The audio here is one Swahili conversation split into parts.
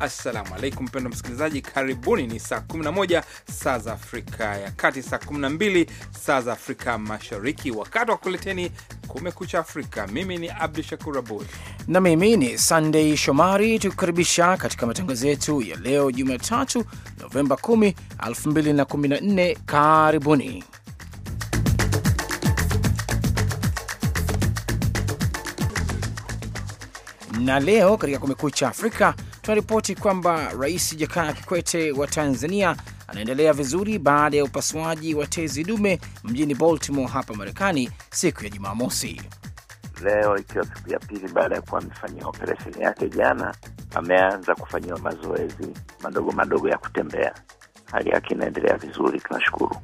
Assalamu alaikum mpendo msikilizaji, karibuni. Ni saa 11 saa za Afrika ya Kati, saa 12 saa za Afrika Mashariki, wakati wa kuleteni Kumekucha Afrika. Mimi ni Abdu Shakur Abud na mimi ni Sandei Shomari, tukikaribisha katika matangazo yetu ya leo Jumatatu, Novemba 10, 2014. Karibuni. Na leo katika Kumekucha Afrika tunaripoti kwamba Rais Jakaya Kikwete wa Tanzania anaendelea vizuri baada ya upasuaji wa tezi dume mjini Baltimore hapa Marekani siku ya Jumamosi. Leo ikiwa siku ya pili baada ya kuwa amefanyia operesheni yake jana, ameanza kufanyiwa mazoezi madogo madogo ya kutembea. Hali yake inaendelea vizuri, tunashukuru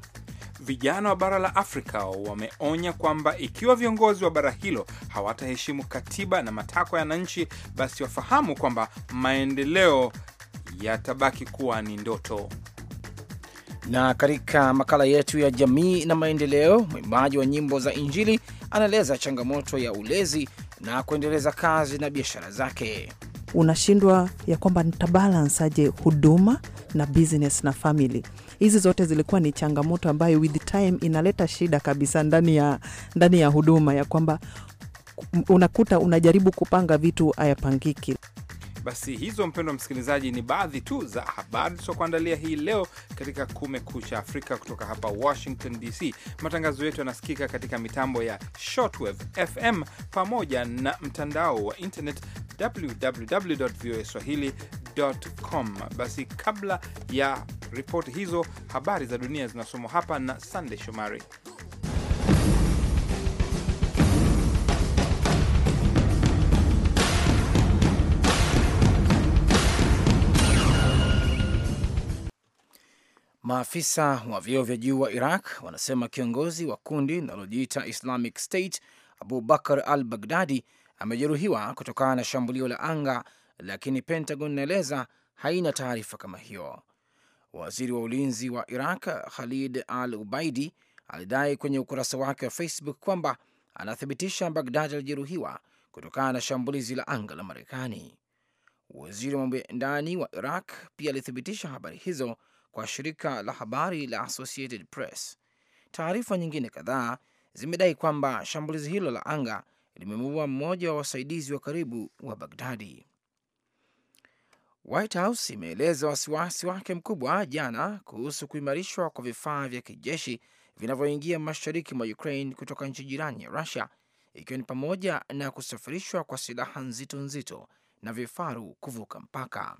vijana wa bara la Afrika wameonya kwamba ikiwa viongozi wa bara hilo hawataheshimu katiba na matakwa ya wananchi, basi wafahamu kwamba maendeleo yatabaki kuwa ni ndoto. Na katika makala yetu ya jamii na maendeleo, mwimbaji wa nyimbo za Injili anaeleza changamoto ya ulezi na kuendeleza kazi na biashara zake. Unashindwa ya kwamba nitabalansaje huduma na business na family hizi zote zilikuwa ni changamoto ambayo with time inaleta shida kabisa ndani ya, ndani ya huduma ya kwamba unakuta unajaribu kupanga vitu hayapangiki. Basi hizo, mpendwa msikilizaji, ni baadhi tu za habari tulizokuandalia hii leo katika Kumekucha Afrika kutoka hapa Washington DC. Matangazo yetu yanasikika katika mitambo ya shortwave FM pamoja na mtandao wa internet www voa swahili com. Basi kabla ya Ripoti hizo habari za dunia zinasomwa hapa na sandey Shomari. Maafisa wa vyeo vya juu wa Iraq wanasema kiongozi wa kundi linalojiita Islamic State Abu Bakar al Baghdadi amejeruhiwa kutokana na shambulio la anga, lakini Pentagon inaeleza haina taarifa kama hiyo. Waziri wa ulinzi wa Iraq Khalid al Ubaidi alidai kwenye ukurasa wake wa Facebook kwamba anathibitisha Bagdad alijeruhiwa kutokana na shambulizi la anga la Marekani. Waziri wa mambo ya ndani wa Iraq pia alithibitisha habari hizo kwa shirika la habari la Associated Press. Taarifa nyingine kadhaa zimedai kwamba shambulizi hilo la anga limemuua mmoja wa wasaidizi wa karibu wa Bagdadi. White House imeeleza wasiwasi wake mkubwa jana kuhusu kuimarishwa kwa vifaa vya kijeshi vinavyoingia mashariki mwa Ukraine kutoka nchi jirani ya Russia, ikiwa ni pamoja na kusafirishwa kwa silaha nzito nzito na vifaru kuvuka mpaka.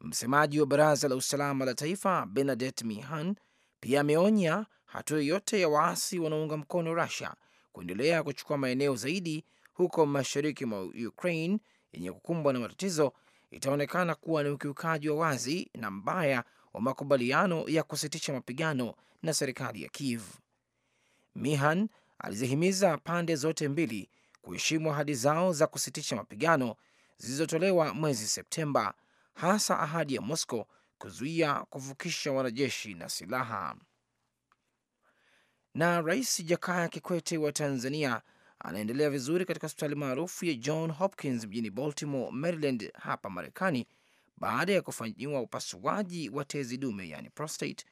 Msemaji wa Baraza la Usalama la Taifa Benadet Mihan pia ameonya hatua yoyote ya waasi wanaounga mkono Russia kuendelea kuchukua maeneo zaidi huko mashariki mwa Ukraine yenye kukumbwa na matatizo itaonekana kuwa ni ukiukaji wa wazi na mbaya wa makubaliano ya kusitisha mapigano na serikali ya Kiev. Mihan alizihimiza pande zote mbili kuheshimu ahadi zao za kusitisha mapigano zilizotolewa mwezi Septemba, hasa ahadi ya Moscow kuzuia kuvukisha wanajeshi na silaha. Na Rais Jakaya Kikwete wa Tanzania anaendelea vizuri katika hospitali maarufu ya John Hopkins mjini Baltimore, Maryland hapa Marekani baada ya kufanyiwa upasuaji wa tezi dume yani prostate.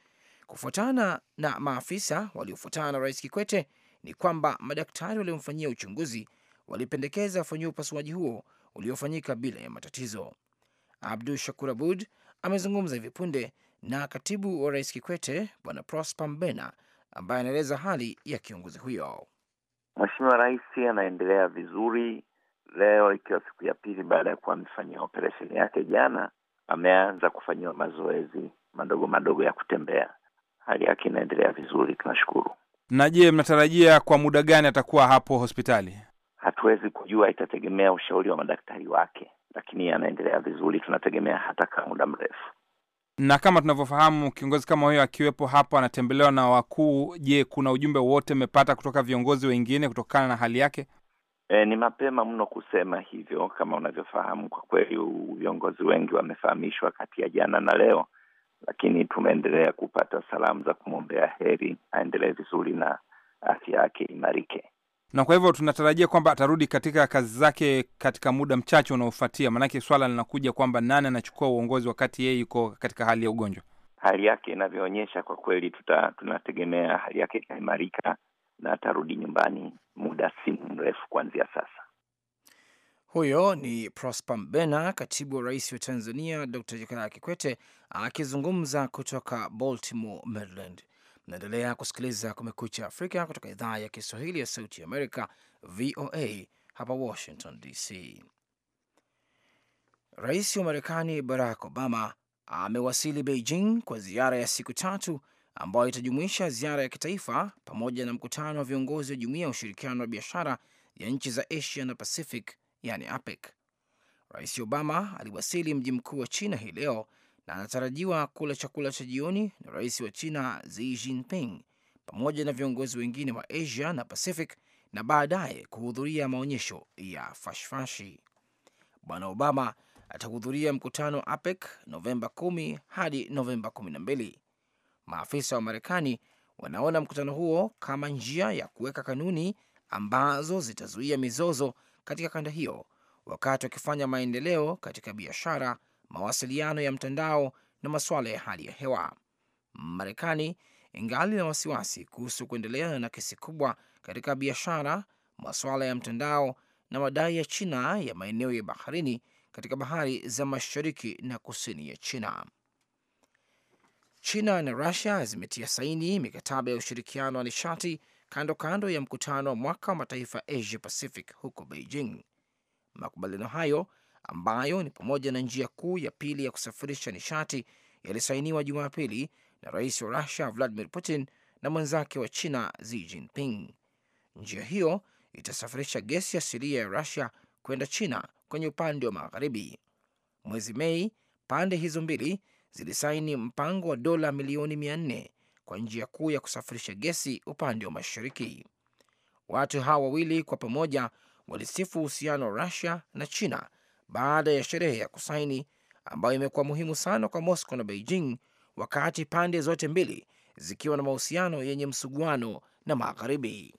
Kufuatana na maafisa waliofuatana na Rais Kikwete ni kwamba madaktari waliomfanyia uchunguzi walipendekeza afanyiwa upasuaji huo uliofanyika bila ya matatizo. Abdu Shakur Abud amezungumza hivi punde na katibu wa Rais Kikwete Bwana Prosper Mbena ambaye anaeleza hali ya kiongozi huyo. Mheshimiwa Rais anaendelea vizuri. Leo ikiwa siku ya pili baada ya kuwa amefanyia operesheni yake jana, ameanza kufanyiwa mazoezi madogo madogo ya kutembea. Hali yake inaendelea vizuri, tunashukuru. Na je, mnatarajia kwa muda gani atakuwa hapo hospitali? Hatuwezi kujua, itategemea ushauri wa madaktari wake, lakini anaendelea vizuri, tunategemea hata kaa muda mrefu na kama tunavyofahamu kiongozi kama huyo akiwepo hapo anatembelewa na wakuu. Je, kuna ujumbe wote umepata kutoka viongozi wengine kutokana na hali yake? E, ni mapema mno kusema hivyo. Kama unavyofahamu, kwa kweli viongozi wengi wamefahamishwa kati ya jana na leo, lakini tumeendelea kupata salamu za kumwombea heri, aendelee vizuri na afya yake imarike na kwa hivyo tunatarajia kwamba atarudi katika kazi zake katika muda mchache unaofuatia, maanake swala linakuja kwamba nani anachukua uongozi wakati yeye yuko katika hali ya ugonjwa. Hali yake inavyoonyesha, kwa kweli tuta, tunategemea hali yake itaimarika na atarudi nyumbani muda si mrefu kuanzia sasa. Huyo ni Prosper Mbena, katibu wa rais wa Tanzania Dr. Jakaya Kikwete akizungumza kutoka Baltimore, Maryland. Mnaendelea kusikiliza Kumekucha Afrika kutoka idhaa ya Kiswahili ya Sauti ya Amerika, VOA hapa Washington DC. Rais wa Marekani Barack Obama amewasili Beijing kwa ziara ya siku tatu ambayo itajumuisha ziara ya kitaifa pamoja na mkutano wa viongozi wa Jumuiya ya Ushirikiano wa Biashara ya nchi za Asia na Pacific, yani APEC. Rais Obama aliwasili mji mkuu wa China hii leo na anatarajiwa kula chakula cha jioni na rais wa China Xi Jinping pamoja na viongozi wengine wa Asia na Pacific na baadaye kuhudhuria maonyesho ya fashfashi. Bwana Obama atahudhuria mkutano wa APEC Novemba 10 hadi Novemba 12. Maafisa wa Marekani wanaona mkutano huo kama njia ya kuweka kanuni ambazo zitazuia mizozo katika kanda hiyo wakati wakifanya maendeleo katika biashara mawasiliano ya mtandao na masuala ya hali ya hewa. Marekani ingali na wasiwasi kuhusu kuendelea na kesi kubwa katika biashara, masuala ya mtandao na madai ya China ya maeneo ya baharini katika bahari za mashariki na kusini ya China. China na Rusia zimetia saini mikataba ya ushirikiano wa nishati kando kando ya mkutano wa mwaka wa mataifa Asia Pacific huko Beijing. Makubaliano hayo ambayo ni pamoja na njia kuu ya pili ya kusafirisha nishati yalisainiwa Jumapili na rais wa Rusia Vladimir Putin na mwenzake wa China Xi Jinping. Njia hiyo itasafirisha gesi asilia ya Rusia kwenda China kwenye upande wa magharibi. Mwezi Mei, pande hizo mbili zilisaini mpango wa dola milioni mia nne kwa njia kuu ya kusafirisha gesi upande wa mashariki. Watu hawa wawili kwa pamoja walisifu uhusiano wa Rusia na China baada ya sherehe ya kusaini ambayo imekuwa muhimu sana kwa Moscow na Beijing, wakati pande zote mbili zikiwa na mahusiano yenye msuguano na Magharibi.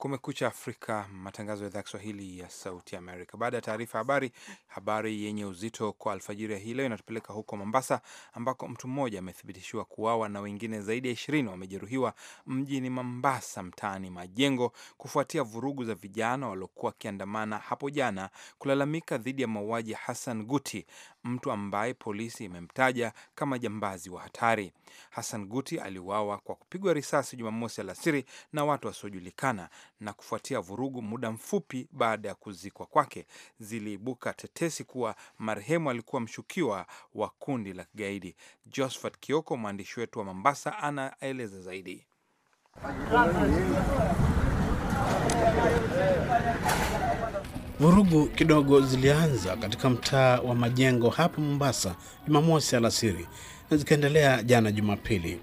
Kumekucha Afrika, matangazo ya idhaa Kiswahili ya Sauti Amerika. Baada ya taarifa habari, habari yenye uzito kwa alfajiri ya hii leo inatupeleka huko Mombasa, ambako mtu mmoja amethibitishiwa kuuawa na wengine zaidi ya ishirini wamejeruhiwa mjini Mombasa, mtaani Majengo, kufuatia vurugu za vijana waliokuwa wakiandamana hapo jana kulalamika dhidi ya mauaji Hassan Guti mtu ambaye polisi imemtaja kama jambazi wa hatari. Hassan Guti aliuawa kwa kupigwa risasi Jumamosi alasiri na watu wasiojulikana, na kufuatia vurugu muda mfupi baada ya kuzikwa kwake, ziliibuka tetesi kuwa marehemu alikuwa mshukiwa wa kundi la kigaidi. Josephat Kioko, mwandishi wetu wa Mombasa, anaeleza zaidi. Vurugu kidogo zilianza katika mtaa wa Majengo hapa Mombasa Jumamosi alasiri na zikaendelea jana Jumapili.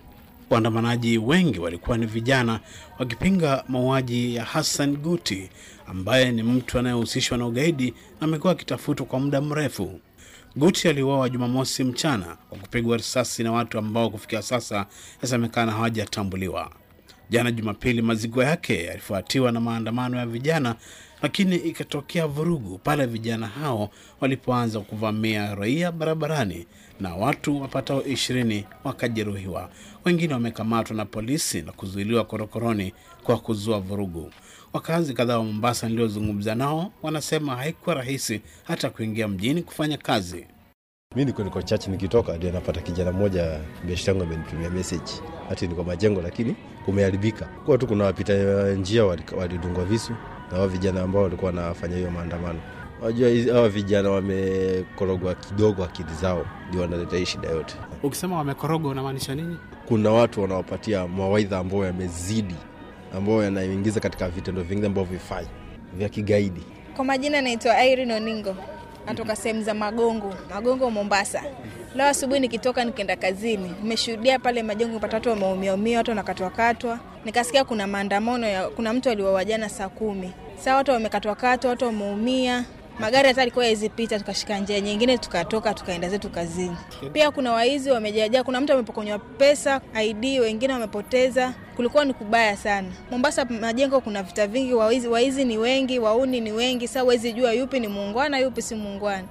Waandamanaji wengi walikuwa ni vijana wakipinga mauaji ya Hassan Guti ambaye ni mtu anayehusishwa na ugaidi na amekuwa akitafutwa kwa muda mrefu. Guti aliuawa Jumamosi mchana kwa kupigwa risasi na watu ambao kufikia sasa yasemekana hawajatambuliwa. Jana Jumapili, maziko yake yalifuatiwa na maandamano ya vijana lakini ikatokea vurugu pale vijana hao walipoanza kuvamia raia barabarani na watu wapatao ishirini wakajeruhiwa. Wengine wamekamatwa na polisi na kuzuiliwa korokoroni kwa kuzua vurugu. Wakazi kadhaa wa Mombasa niliozungumza nao wanasema haikuwa rahisi hata kuingia mjini kufanya kazi. Mi niko niko chache nikitoka, ndio napata kijana mmoja biashara yangu amenitumia meseji hati niko majengo lakini kumeharibika, kuwa tu kuna wapita eh, njia walidungwa visu na wao vijana ambao walikuwa wanafanya hiyo maandamano. Unajua hawa vijana wamekorogwa kidogo akili zao, ndio wanaleta hii shida yote. Ukisema wamekorogwa unamaanisha nini? Kuna watu wanawapatia mawaidha ambayo yamezidi, ambayo yanaingiza katika vitendo vingine ambavyo vifai vya kigaidi. Kwa majina naitwa Irene Oningo natoka sehemu za Magongo, Magongo Mombasa. Leo asubuhi nikitoka nikaenda kazini, nimeshuhudia pale majengo patatu wameumia umia, watu wanakatwakatwa katwa. Nikasikia kuna maandamano ya kuna mtu aliuawa saa kumi. Saa watu wamekatwa katwa, watu wameumia magari hata alikuwa hawezi pita, tukashika njia nyingine tukatoka tukaenda zetu kazini. Pia kuna waizi wamejajaa, kuna mtu amepokonywa pesa, ID, wengine wamepoteza. Kulikuwa ni kubaya sana. Mombasa majengo kuna vita vingi, waizi, waizi ni wengi, wauni ni wengi. sa wezi jua yupi ni muungwana yupi si muungwana.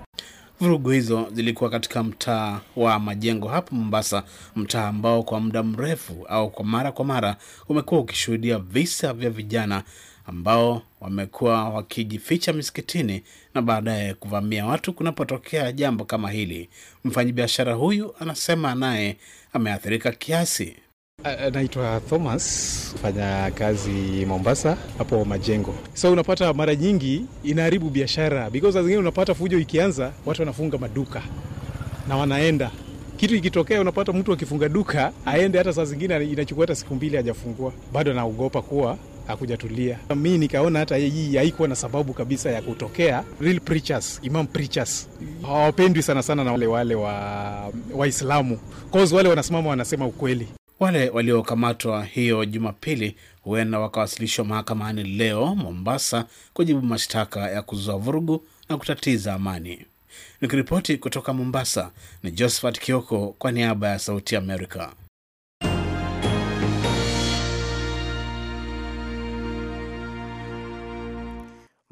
Vurugu hizo zilikuwa katika mtaa wa Majengo hapa Mombasa, mtaa ambao kwa muda mrefu au kwa mara kwa mara umekuwa ukishuhudia visa vya vijana ambao wamekuwa wakijificha misikitini na baadaye kuvamia watu kunapotokea jambo kama hili. Mfanyabiashara huyu anasema naye ameathirika kiasi. Naitwa Thomas, fanya kazi Mombasa, hapo majengo. So unapata mara nyingi inaharibu biashara because unapata fujo ikianza, watu wanafunga maduka na wanaenda kitu ikitokea, unapata mtu akifunga duka aende, hata saa zingine inachukua hata siku mbili hajafungua, bado anaogopa kuwa hakujatulia. Mi nikaona hata hii haikuwa na sababu kabisa ya kutokea. Real preachers, imam preachers hawapendwi sana sana na wale wale wa Waislamu cause wale wanasimama wanasema ukweli. Wale waliokamatwa hiyo Jumapili huenda wakawasilishwa mahakamani leo Mombasa kujibu mashtaka ya kuzua vurugu na kutatiza amani. Nikiripoti kutoka Mombasa ni Josephat Kioko kwa niaba ya Sauti Amerika.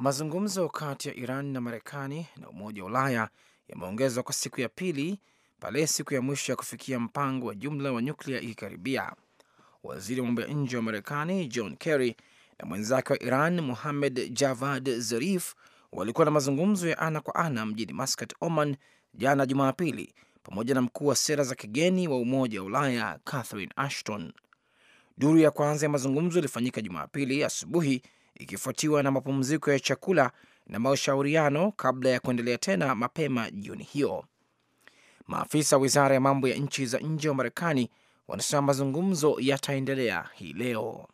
Mazungumzo kati ya Iran na Marekani na Umoja wa Ulaya yameongezwa kwa siku ya pili pale siku ya mwisho ya kufikia mpango wa jumla wa nyuklia ikikaribia. Waziri wa mambo ya nje wa Marekani John Kerry na mwenzake wa Iran Muhamed Javad Zarif walikuwa na mazungumzo ya ana kwa ana mjini Muscat, Oman jana Jumapili, pamoja na mkuu wa sera za kigeni wa Umoja wa Ulaya Catherine Ashton. Duru ya kwanza ya mazungumzo ilifanyika Jumapili asubuhi ikifuatiwa na mapumziko ya chakula na mashauriano kabla ya kuendelea tena mapema jioni hiyo. Maafisa wa wizara ya mambo ya nchi za nje wa Marekani wanasema mazungumzo yataendelea hii leo.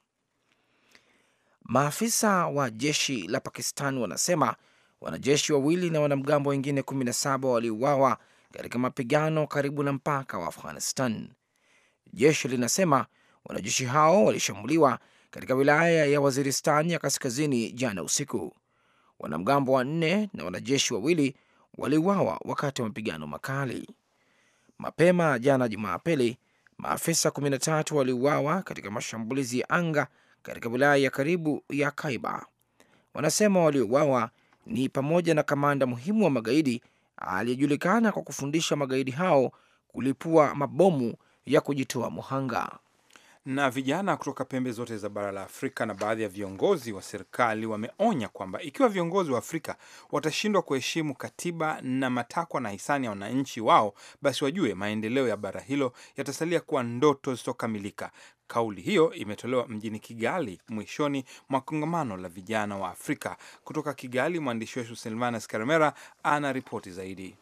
Maafisa wa jeshi la Pakistan wanasema wanajeshi wawili na wanamgambo wengine 17 waliuawa katika mapigano karibu na mpaka wa Afghanistan. Jeshi linasema wanajeshi hao walishambuliwa katika wilaya ya Waziristan ya kaskazini jana usiku. Wanamgambo wanne na wanajeshi wawili waliuawa wakati wa mapigano makali. Mapema jana Jumapili, maafisa 13 waliuawa katika mashambulizi ya anga katika wilaya ya karibu ya Kaiba. Wanasema waliouawa ni pamoja na kamanda muhimu wa magaidi aliyejulikana kwa kufundisha magaidi hao kulipua mabomu ya kujitoa muhanga. Na vijana kutoka pembe zote za bara la Afrika na baadhi ya viongozi wa serikali wameonya kwamba ikiwa viongozi wa Afrika watashindwa kuheshimu katiba na matakwa na hisani ya wananchi wao, basi wajue maendeleo ya bara hilo yatasalia kuwa ndoto zisizokamilika. Kauli hiyo imetolewa mjini Kigali mwishoni mwa kongamano la vijana wa Afrika. Kutoka Kigali, mwandishi wetu Silvanus Karemera ana ripoti zaidi.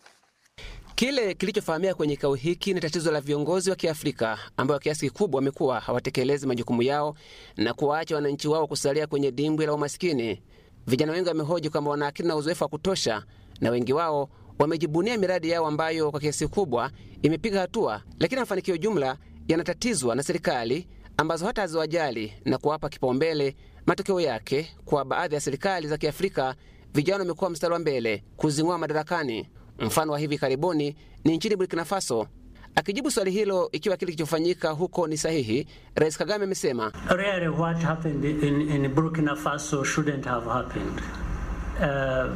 Kile kilichofahamika kwenye kikao hiki ni tatizo la viongozi wa Kiafrika ambao kwa kiasi kikubwa wamekuwa hawatekelezi majukumu yao na kuwaacha wananchi wao kusalia kwenye dimbwi la umasikini. Vijana wengi wamehoji kwamba wana akili na uzoefu wa kutosha, na wengi wao wamejibunia miradi yao ambayo kwa kiasi kikubwa imepiga hatua, lakini mafanikio jumla yanatatizwa na serikali ambazo hata haziwajali na kuwapa kipaumbele. Matokeo yake, kwa baadhi ya serikali za Kiafrika, vijana wamekuwa mstari wa mbele kuzing'oa madarakani. Mfano wa hivi karibuni ni nchini Burkina Faso. Akijibu swali hilo ikiwa kile kilichofanyika huko ni sahihi, Rais Kagame amesema really what happened in, in Burkina Faso shouldn't have happened. Uh,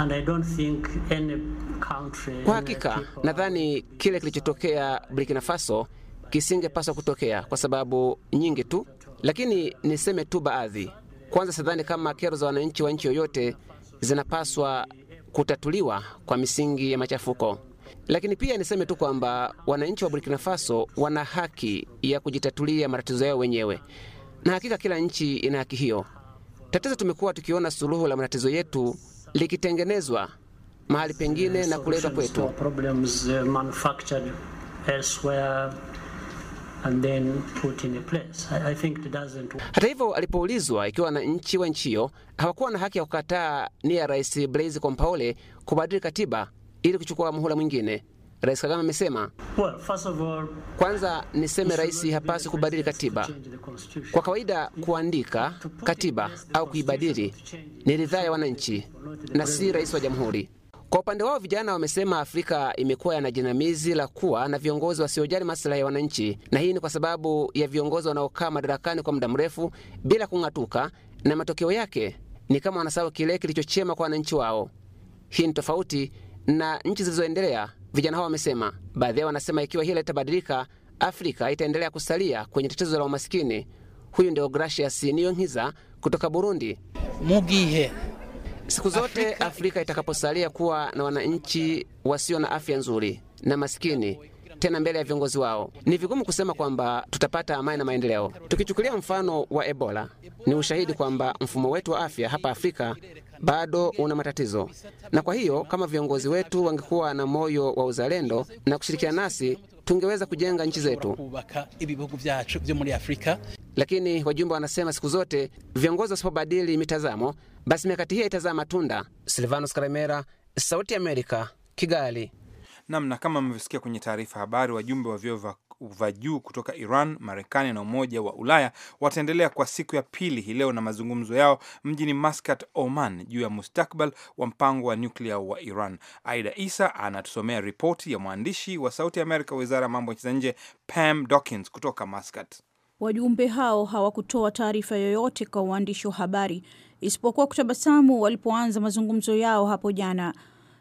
and I don't think any country, kwa hakika nadhani kile kilichotokea Burkina Faso kisingepaswa kutokea kwa sababu nyingi tu, lakini niseme tu baadhi. Kwanza, sidhani kama kero za wananchi wa nchi yoyote zinapaswa kutatuliwa kwa misingi ya machafuko. Lakini pia niseme tu kwamba wananchi wa Burkina Faso wana haki ya kujitatulia matatizo yao wenyewe, na hakika kila nchi ina haki hiyo. Tatizo tumekuwa tukiona suluhu la matatizo yetu likitengenezwa mahali pengine na kuletwa kwetu. Uh, hata hivyo, alipoulizwa ikiwa wananchi wa nchi hiyo hawakuwa na haki ya kukataa nia ya Rais Blaise Compaore kubadili katiba ili kuchukua muhula mwingine, Rais Kagame amesema well, kwanza niseme rais hapaswi kubadili katiba. Kwa kawaida kuandika katiba au kuibadili ni ridhaa ya wananchi na si rais wa jamhuri. Kwa upande wao vijana wamesema Afrika imekuwa yana jinamizi la kuwa na viongozi wasiojali maslahi ya wananchi, na hii ni kwa sababu ya viongozi wanaokaa madarakani kwa muda mrefu bila kung'atuka, na matokeo yake ni kama wanasahau kile kilichochema kwa wananchi wao. Hii ni tofauti na nchi zilizoendelea, vijana hao wamesema. Baadhi yao wanasema ikiwa hii litabadilika, Afrika itaendelea kusalia kwenye tatizo la umasikini. Huyu ndio Gracias Niyonkiza kutoka Burundi. Mugihe Siku zote Afrika itakaposalia kuwa na wananchi wasio na afya nzuri na masikini tena mbele ya viongozi wao, ni vigumu kusema kwamba tutapata amani na maendeleo. Tukichukulia mfano wa Ebola, ni ushahidi kwamba mfumo wetu wa afya hapa Afrika bado una matatizo, na kwa hiyo kama viongozi wetu wangekuwa na moyo wa uzalendo na kushirikiana nasi, tungeweza kujenga nchi zetu. Lakini wajumbe wanasema siku zote viongozi wasipobadili mitazamo basi mikakati hiyo itazaa matunda. Silvanus Karemera, Sauti ya Amerika, Kigali. Namna kama mnavyosikia kwenye taarifa habari, wajumbe wa vyeo vya juu kutoka Iran, Marekani na Umoja wa Ulaya wataendelea kwa siku ya pili hii leo na mazungumzo yao mjini Muscat, Oman, juu ya mustakbal wa mpango wa nyuklia wa Iran. Aida Isa anatusomea ripoti ya mwandishi wa Sauti ya Amerika, wizara ya mambo ya nchi za nje, Pam Dawkins kutoka Muscat. Wajumbe hao hawakutoa taarifa yoyote kwa uandishi wa habari isipokuwa kutabasamu walipoanza mazungumzo yao hapo jana.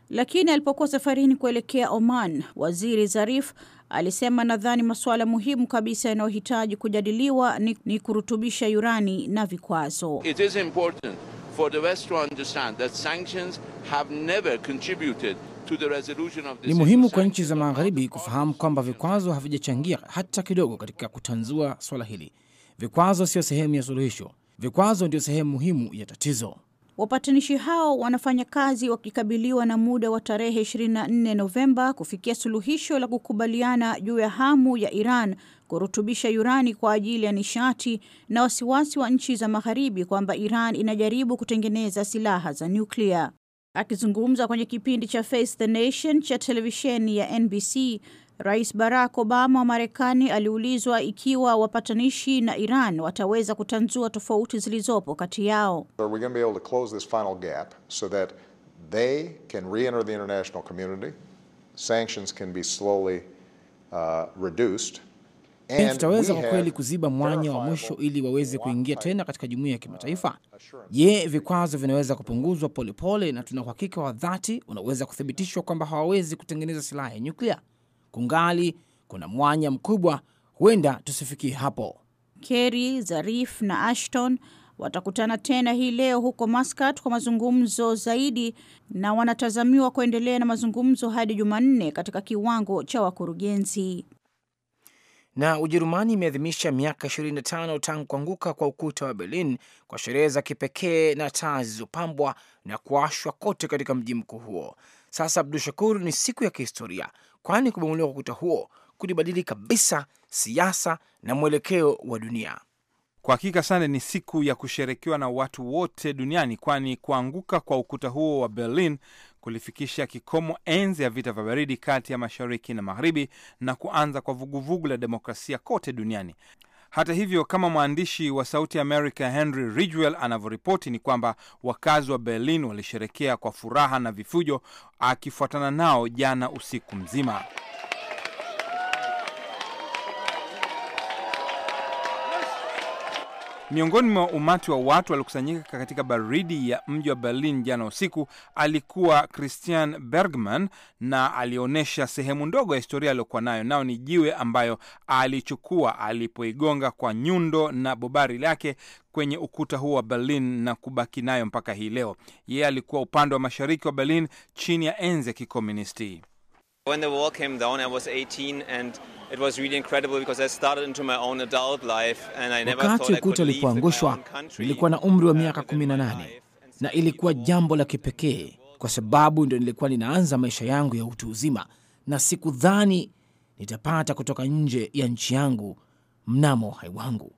Lakini alipokuwa safarini kuelekea Oman, waziri Zarif alisema, nadhani masuala muhimu kabisa yanayohitaji kujadiliwa ni, ni kurutubisha urani na vikwazo. It is important for the West to understand that sanctions have never contributed to the resolution of this. Ni muhimu kwa nchi za magharibi kufahamu kwamba vikwazo havijachangia hata kidogo katika kutanzua swala hili. Vikwazo sio sehemu ya suluhisho Vikwazo ndio sehemu muhimu ya tatizo. Wapatanishi hao wanafanya kazi wakikabiliwa na muda wa tarehe 24 Novemba kufikia suluhisho la kukubaliana juu ya hamu ya Iran kurutubisha urani kwa ajili ya nishati na wasiwasi wa nchi za magharibi kwamba Iran inajaribu kutengeneza silaha za nyuklia. Akizungumza kwenye kipindi cha Face the Nation cha televisheni ya NBC, Rais Barack Obama wa Marekani aliulizwa ikiwa wapatanishi na Iran wataweza kutanzua tofauti zilizopo kati yao. Tutaweza uh, kwa kweli kuziba mwanya wa mwisho ili waweze kuingia tena katika jumuiya ya kimataifa. Je, vikwazo vinaweza kupunguzwa polepole, na tuna uhakika wa dhati unaweza kuthibitishwa kwamba hawawezi kutengeneza silaha ya nyuklia kungali kuna mwanya mkubwa, huenda tusifikie hapo. Kerry, Zarif na Ashton watakutana tena hii leo huko Muscat kwa mazungumzo zaidi, na wanatazamiwa kuendelea na mazungumzo hadi Jumanne katika kiwango cha wakurugenzi. Na Ujerumani imeadhimisha miaka 25 tangu kuanguka kwa ukuta wa Berlin kwa sherehe za kipekee na taa zilizopambwa na kuashwa kote katika mji mkuu huo. Sasa Abdu Shakur, ni siku ya kihistoria, kwani kubomolewa kwa ukuta huo kulibadili kabisa siasa na mwelekeo wa dunia. Kwa hakika sana ni siku ya kusherekewa na watu wote duniani, kwani kuanguka kwa ukuta huo wa Berlin kulifikisha kikomo enzi ya vita vya baridi kati ya mashariki na magharibi na kuanza kwa vuguvugu la demokrasia kote duniani. Hata hivyo, kama mwandishi wa Sauti America Henry Ridgwell anavyoripoti ni kwamba wakazi wa Berlin walisherekea kwa furaha na vifujo, akifuatana nao jana usiku mzima. Miongoni mwa umati wa watu waliokusanyika katika baridi ya mji wa Berlin jana usiku alikuwa Christian Bergman, na alionyesha sehemu ndogo ya historia aliyokuwa nayo, nao ni jiwe ambayo alichukua alipoigonga kwa nyundo na bobari lake kwenye ukuta huu wa Berlin na kubaki nayo mpaka hii leo. Yeye alikuwa upande wa mashariki wa Berlin chini ya enzi ya kikomunisti. When the wall came down, I was 18 and It was really incredible because I started into my own adult life and I never Wakati ukuta ulipoangushwa nilikuwa na umri wa miaka 18 na ilikuwa jambo la kipekee kwa sababu ndio nilikuwa ninaanza maisha yangu ya utu uzima na sikudhani nitapata kutoka nje ya nchi yangu mnamo hai wangu.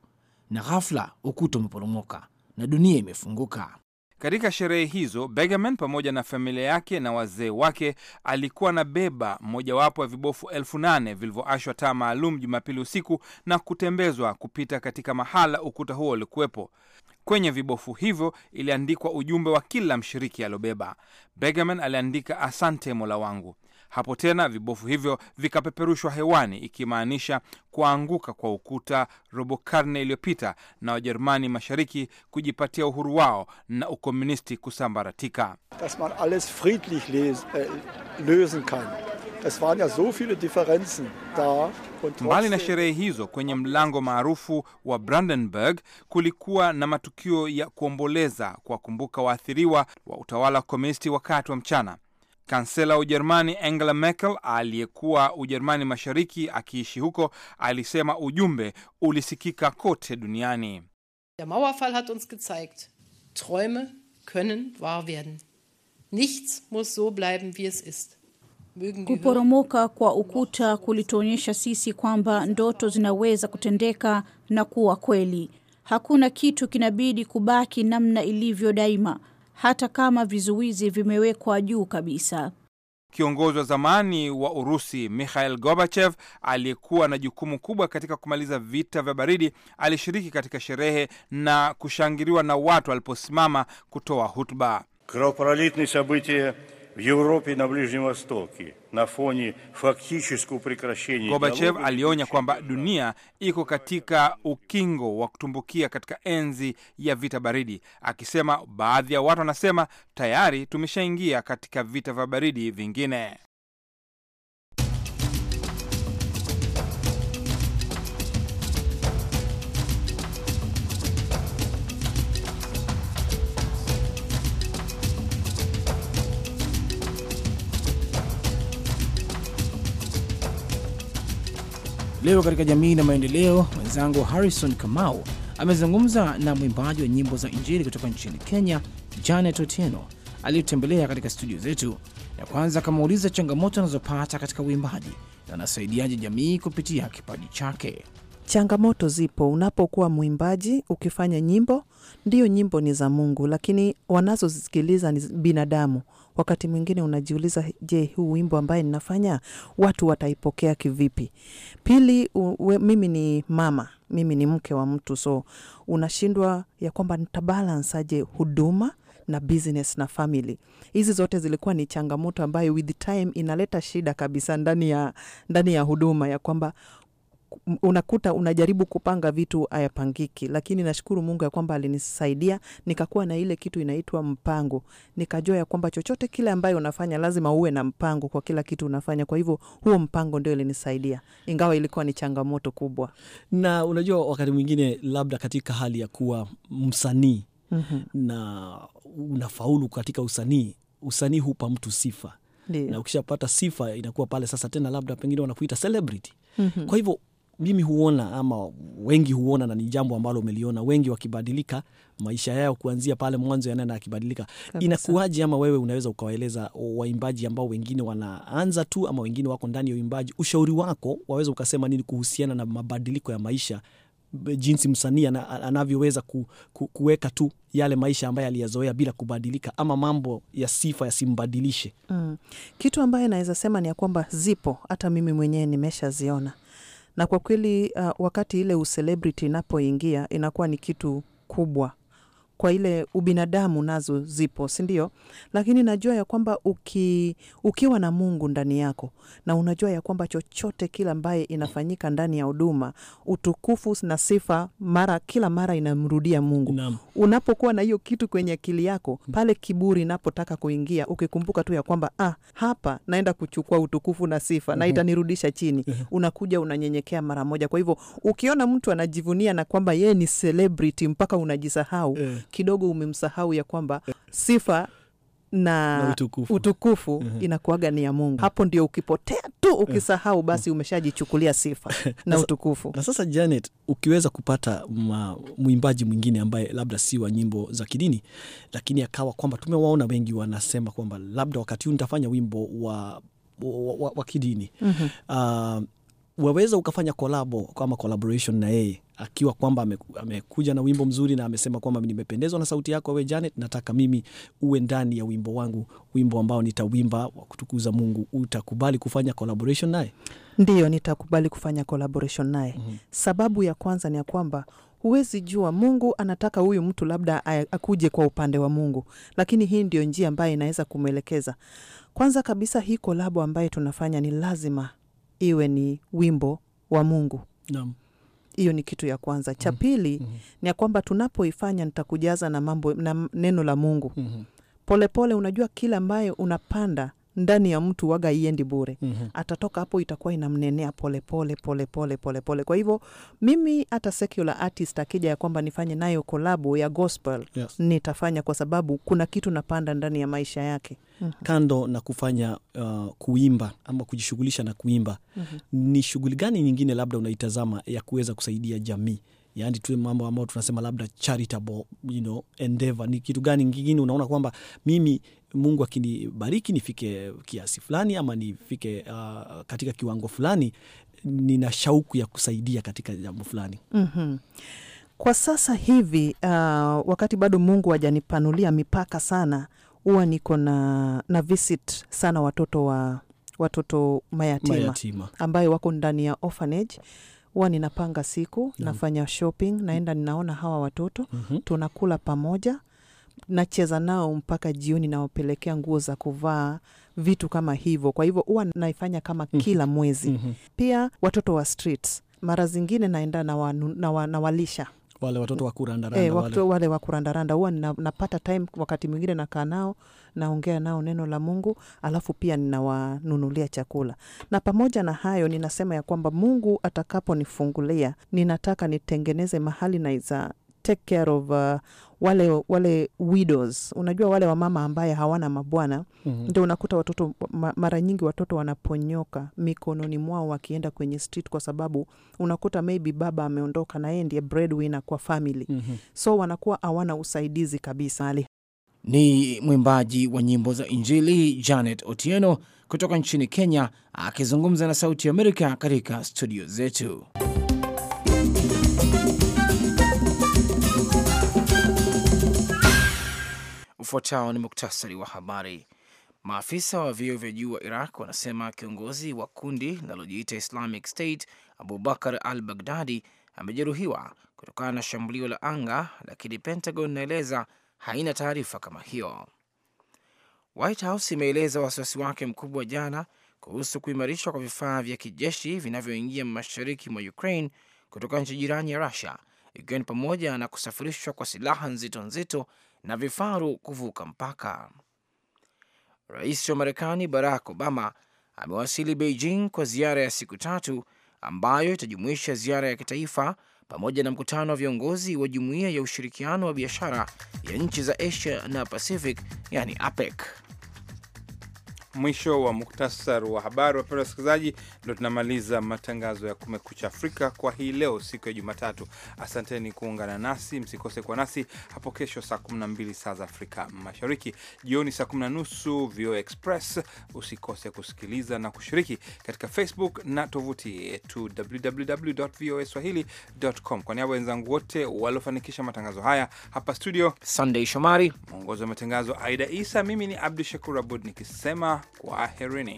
Na ghafla ukuta umeporomoka na dunia imefunguka. Katika sherehe hizo Begeman pamoja na familia yake na wazee wake alikuwa na beba mojawapo ya vibofu elfu nane vilivyoashwa taa maalum Jumapili usiku na kutembezwa kupita katika mahala ukuta huo ulikuwepo. Kwenye vibofu hivyo iliandikwa ujumbe wa kila mshiriki aliobeba Begeman aliandika, asante mola wangu, hapo tena vibofu hivyo vikapeperushwa hewani, ikimaanisha kuanguka kwa ukuta robo karne iliyopita na Wajerumani mashariki kujipatia uhuru wao na ukomunisti kusambaratika. dass man alles friedlich äh, lösen kann es waren so viele differenzen da Mbali na sherehe hizo kwenye mlango maarufu wa Brandenburg kulikuwa na matukio ya kuomboleza, kuwakumbuka waathiriwa wa utawala wa komunisti wakati wa mchana. Kansela wa Ujerumani Angela Merkel aliyekuwa Ujerumani Mashariki akiishi huko alisema ujumbe ulisikika kote duniani. Der Mauerfall hat uns gezeigt, Träume können wahr werden. Nichts muss so bleiben wie es ist. Kuporomoka kwa ukuta kulituonyesha sisi kwamba ndoto zinaweza kutendeka na kuwa kweli. Hakuna kitu kinabidi kubaki namna ilivyo daima hata kama vizuizi vimewekwa juu kabisa. Kiongozi wa zamani wa Urusi Mikhail Gorbachev aliyekuwa na jukumu kubwa katika kumaliza vita vya baridi alishiriki katika sherehe na kushangiliwa na watu aliposimama kutoa hutuba в Европе na Ближнем Востоке na фоне фактического прекращения. Gorbachev alionya kwamba dunia iko katika ukingo wa kutumbukia katika enzi ya vita baridi, akisema baadhi ya watu wanasema tayari tumeshaingia katika vita vya baridi vingine. Leo katika jamii na maendeleo, mwenzangu Harrison Kamau amezungumza na mwimbaji wa nyimbo za injili kutoka nchini Kenya, Janet Otieno aliyotembelea katika studio zetu, na kwanza akamuuliza changamoto anazopata katika uimbaji na anasaidiaje jamii kupitia kipaji chake. Changamoto zipo unapokuwa mwimbaji ukifanya nyimbo, ndio nyimbo ni za Mungu, lakini wanazosikiliza ni binadamu. Wakati mwingine unajiuliza, je, huu wimbo ambaye ninafanya watu wataipokea kivipi? Pili, uwe, mimi ni mama, mimi ni mke wa mtu, so unashindwa ya kwamba nitabalansaje huduma na business na famil Hizi zote zilikuwa ni changamoto ambayo with time inaleta shida kabisa ndani ya, ndani ya huduma ya kwamba unakuta unajaribu kupanga vitu ayapangiki lakini nashukuru Mungu ya kwamba alinisaidia nikakuwa na ile kitu inaitwa mpango. Nikajua ya kwamba chochote kile ambayo unafanya lazima uwe na mpango kwa kila kitu unafanya. Kwa hivyo huo mpango ndio ilinisaidia, ingawa ilikuwa ni changamoto kubwa. Na unajua wakati mwingine labda katika hali ya kuwa msanii mm -hmm. na unafaulu katika usanii, usanii hupa mtu sifa Ndiyo. na ukishapata sifa inakuwa pale sasa tena labda pengine wanakuita celebrity. Mm -hmm. Kwa hivyo mimi huona ama wengi huona, na ni jambo ambalo umeliona, wengi wakibadilika maisha yao kuanzia pale mwanzo yanaenda akibadilika inakuaji ama wewe unaweza ukawaeleza waimbaji ambao wengine wanaanza tu ama wengine wako ndani ya uimbaji, ushauri wako waweza ukasema nini kuhusiana na mabadiliko ya maisha, jinsi msanii anavyoweza ku, ku, kuweka tu yale maisha ambayo aliyazoea bila kubadilika, ama mambo ya sifa yasimbadilishe? Mm. Kitu ambayo naweza sema ni ya kwamba zipo, hata mimi mwenyewe nimeshaziona na kwa kweli uh, wakati ile ucelebrity inapoingia inakuwa ni kitu kubwa kwa ile ubinadamu nazo zipo, sindio Lakini najua ya kwamba uki, ukiwa na Mungu ndani yako na unajua ya kwamba chochote kila ambaye inafanyika ndani ya huduma, utukufu na sifa mara kila mara inamrudia Mungu. Inam. Unapokuwa na hiyo kitu kwenye akili yako, pale kiburi inapotaka kuingia, ukikumbuka tu ya kwamba ah, hapa naenda kuchukua utukufu na sifa mm -hmm. na mhm. itanirudisha chini mm -hmm. unakuja unanyenyekea mara moja. Kwa hivyo ukiona mtu anajivunia na kwamba yeye ni celebrity mpaka unajisahau mm kidogo umemsahau ya kwamba sifa na, na utukufu, utukufu mhm. inakuaga ni ya Mungu. Mhm. Hapo ndio ukipotea tu eh. ukisahau, basi mm. umeshajichukulia sifa na utukufu. Na sasa, Janet, ukiweza kupata mwimbaji mwingine ambaye labda si wa nyimbo za kidini, lakini akawa kwamba tumewaona wengi wanasema kwamba labda wakati huu nitafanya wimbo wa wa, wa, wa kidini mm -hmm. uh, waweza ukafanya kolabo kama collaboration na yeye akiwa kwamba amekuja na wimbo mzuri na amesema kwamba nimependezwa na sauti yako we Janet, nataka mimi uwe ndani ya wimbo wangu, wimbo ambao nitawimba wa kutukuza Mungu. Utakubali kufanya collaboration naye? Ndiyo, nitakubali kufanya collaboration naye. mm -hmm. Sababu ya kwanza ni ya kwamba huwezi jua Mungu anataka huyu mtu labda akuje kwa upande wa Mungu, lakini hii ndio njia ambayo inaweza kumwelekeza. Kwanza kabisa, hii kolabo ambayo tunafanya ni lazima iwe ni wimbo wa Mungu. Hiyo ni kitu ya kwanza. Cha mm-hmm. pili mm -hmm. ni ya kwamba tunapoifanya nitakujaza na mambo na neno la Mungu polepole mm -hmm. polepole unajua kila ambayo unapanda ndani ya mtu waga iendi bure. mm -hmm. Atatoka hapo itakuwa inamnenea polepole pole pole. Kwa hivyo mimi hata secular artist akija ya kwamba nifanye nayo kolabo ya gospel yes. Nitafanya kwa sababu kuna kitu napanda ndani ya maisha yake. mm -hmm. Kando na kufanya uh, kuimba ama kujishughulisha na kuimba, mm -hmm. ni shughuli gani nyingine labda unaitazama ya kuweza kusaidia jamii? yani tuwe mambo ambao tunasema labda charitable you know, endeavor. Ni kitu gani kingine unaona kwamba mimi Mungu akinibariki nifike kiasi fulani ama nifike uh, katika kiwango fulani, nina shauku ya kusaidia katika jambo fulani mm-hmm. Kwa sasa hivi uh, wakati bado Mungu hajanipanulia mipaka sana, huwa niko na na visit sana watoto wa watoto mayatima, mayatima ambayo wako ndani ya orphanage huwa ninapanga siku na. Nafanya shopping naenda, ninaona hawa watoto mm -hmm. tunakula pamoja, nacheza nao mpaka jioni, nawapelekea nguo za kuvaa, vitu kama hivyo. Kwa hivyo huwa naifanya kama mm -hmm. kila mwezi mm -hmm. pia watoto wa streets mara zingine naenda nawalisha na wale watoto wa kurandaranda, e, wale, wale wa kurandaranda huwa napata time wakati mwingine nakaa nao naongea nao neno la Mungu, alafu pia ninawanunulia chakula. Na pamoja na hayo, ninasema ya kwamba Mungu atakaponifungulia, ninataka nitengeneze mahali na iza take care of uh, wale wale widows, unajua wale wamama ambaye hawana mabwana mm -hmm. Ndio unakuta watoto ma, mara nyingi watoto wanaponyoka mikononi mwao wakienda kwenye street, kwa sababu unakuta maybe baba ameondoka na yeye ndiye breadwinner kwa family mm -hmm. So wanakuwa hawana usaidizi kabisa. Ali ni mwimbaji wa nyimbo za Injili Janet Otieno kutoka nchini Kenya akizungumza na Sauti Amerika katika studio zetu. Ufuatao ni muktasari wa habari. Maafisa wa vyeo vya juu wa Iraq wanasema kiongozi wa kundi linalojiita Islamic State Abubakar al Baghdadi amejeruhiwa kutokana na shambulio la anga, lakini Pentagon inaeleza haina taarifa kama hiyo. White House imeeleza wasiwasi wake mkubwa jana kuhusu kuimarishwa kwa vifaa vya kijeshi vinavyoingia mashariki mwa Ukraine kutoka nchi jirani ya Russia, ikiwa ni pamoja na kusafirishwa kwa silaha nzito nzito na vifaru kuvuka mpaka. Rais wa Marekani Barack Obama amewasili Beijing kwa ziara ya siku tatu ambayo itajumuisha ziara ya kitaifa pamoja na mkutano wa viongozi wa jumuiya ya ushirikiano wa biashara ya nchi za Asia na Pacific, yani APEC mwisho wa muktasar wa habari. Wapendwa wasikilizaji, ndo tunamaliza matangazo ya Kumekucha Afrika kwa hii leo, siku ya Jumatatu. Asanteni kuungana nasi, msikose kwa nasi hapo kesho saa 12 saa za Afrika Mashariki, jioni saa 1 na nusu VOA Express. Usikose kusikiliza na kushiriki katika Facebook na tovuti yetu www voa swahili.com. Kwa niaba ya wenzangu wote waliofanikisha matangazo haya hapa studio, sandey Shomari mwongozi wa matangazo, Aida Isa, mimi ni Abdu Shakur Abud nikisema Kwaherini.